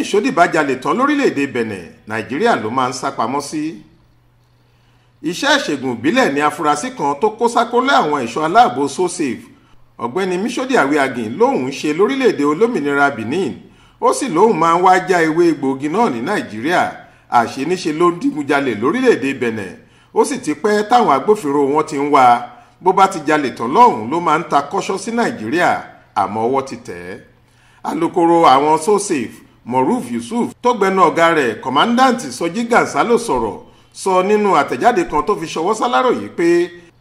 míṣódì bá jalè tán lórílẹ̀‐èdè benin nàìjíríà ló máa ń sá pamọ́ sí iṣẹ́ ìṣègùn ìbílẹ̀ ní afurasí kan tó kó sákólé àwọn ẹ̀ṣọ́ aláàbò sosafe ọ̀gbẹ́ni míṣódì àwíagìn lòun ń ṣe lórílẹ̀‐èdè olómìnira benin ó sì lòun máa ń wá já ewé egbòogi náà ní nàìjíríà àṣeníṣe ló ń digunjalè lórílẹ̀‐èdè benin ó sì ti pẹ́ táwọn agbófinró wọn ti ń wá bó bá ti jalè tán lọ́hùn ló máa ń ta kọ́ṣọ́ sí nàìjíríà àmọ́ ọwọ́ ti tẹ̀ ẹ́ alukoro àwọn sosafe moruf yusuf tó gbẹnu ọ̀gá rẹ̀ sọjí gansalo sọ̀rọ̀ sọ nínú àtẹ̀jáde kan tó fi ṣọwọ́ sáláròyé pé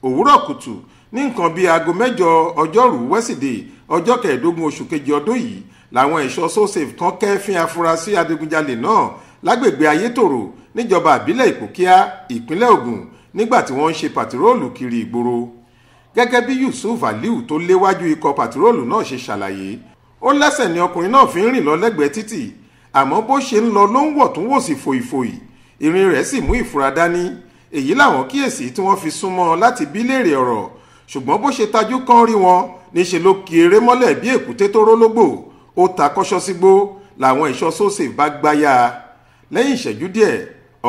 òwúrọ̀ kùtù ní nǹkan bíi aago mẹ́jọ ọjọ́rùú wẹ́sídẹ̀ẹ́ ọjọ́ kẹẹ̀ẹ́dógún oṣù kejì ọdún yìí làwọn ẹ̀ṣọ́ sosafe kan kẹ́fín afurasí adigunjalè náà lágbègbè ayétòrò níjọba àbílẹ̀ ìpòkíà ìpínlẹ̀ Ògùn nígbà tí wọ́n ń ṣe pàtiróòlù kiri ìgboro gẹ́gẹ́ bí Yusuf Aliu tó léwájú ikọ̀ pàtiróòlù náà ṣe ṣàlàyé ó lẹ́sẹ̀ ni ọkùnrin náà fi ń rìn lọ lẹ́gbẹ̀ẹ́ títì àmọ́ bó ṣe ń lọ ló ń wọ̀ tó ń wò sí fòìfòì ìrìn rẹ̀ sì mú ìfura dání èyí làwọn kíyèsí tí wọ́n fi súnmọ́ láti bí léèrè ọ̀rọ̀ ṣùgbọ́n bó ṣe tajú kán rí wọn níṣe ló ki eré mọ́lẹ̀ bí èkúté tó rólógbò ó ta kọ́ṣọ́ sígbó làwọn ẹ̀ṣọ́ sósè bá gbáyà lẹ́yìn ìṣẹ́jú díẹ̀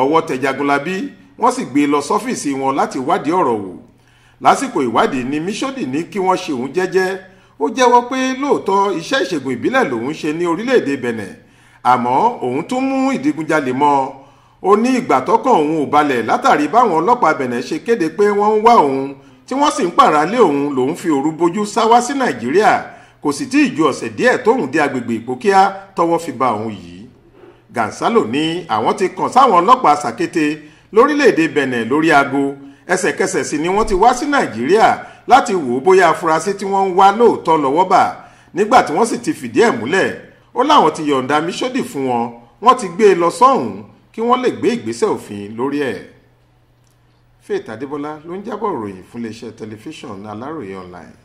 ọwọ́ tẹ Jagunlabi wọ́n sì gbé e lọ sọ́fíìsì wọn láti wádìí ọ̀rọ̀ wò lásìkò ìwádìí ni Míṣódì ní kí wọ́n ṣe òun jẹ́jẹ́ ó jẹ́wọ́ pé lóòótọ́ iṣẹ́ ìṣègùn ìbílẹ̀ lòun ṣe ní orílẹ̀-èdè Benin àmọ́ òun tún mú ìdígunjalè mọ́ ọ ó ní ìgbà tọ́kàn òun ò balẹ̀ látàrí báwọn ọlọ́pàá bẹ̀nẹ̀ ṣe kéde pé wọ́n ń wá òun tí wọ́n sì ń pàrálé òun lòun fi òru bojú sá wá sí nàìjíríà kò sì tí ì ju ọ̀sẹ̀ díẹ̀ tóun dé agbègbè ìpókíà tọ́wọ́ fi ba òun yìí Gansalo ní àwọn ti kàn sáwọn ọlọ́pàá sàkété lórílẹ̀‐èdè bẹ̀nẹ̀ lórí aago ẹsẹ̀kẹsẹ̀ sì ni wọ́n ti wá sí nàìjíríà láti wò ó bóyá afurasí tí wọ́n ń wá lóòótọ́ lọ́wọ́ bà nígbà tí wọ́n sì ti fìdí ẹ̀ múlẹ̀ ó láwọn ti yọ̀ǹda Míṣódì fún wọn wọ́n ti gbé e lọ sọ́hùn-ún kí wọ́n lè gbé ìgbésẹ̀ òfin lórí ẹ̀. Faith Adébọlá ló ń jábọ̀ ròyìn fún iléeṣẹ́ tẹlifíṣàn Aláròye online.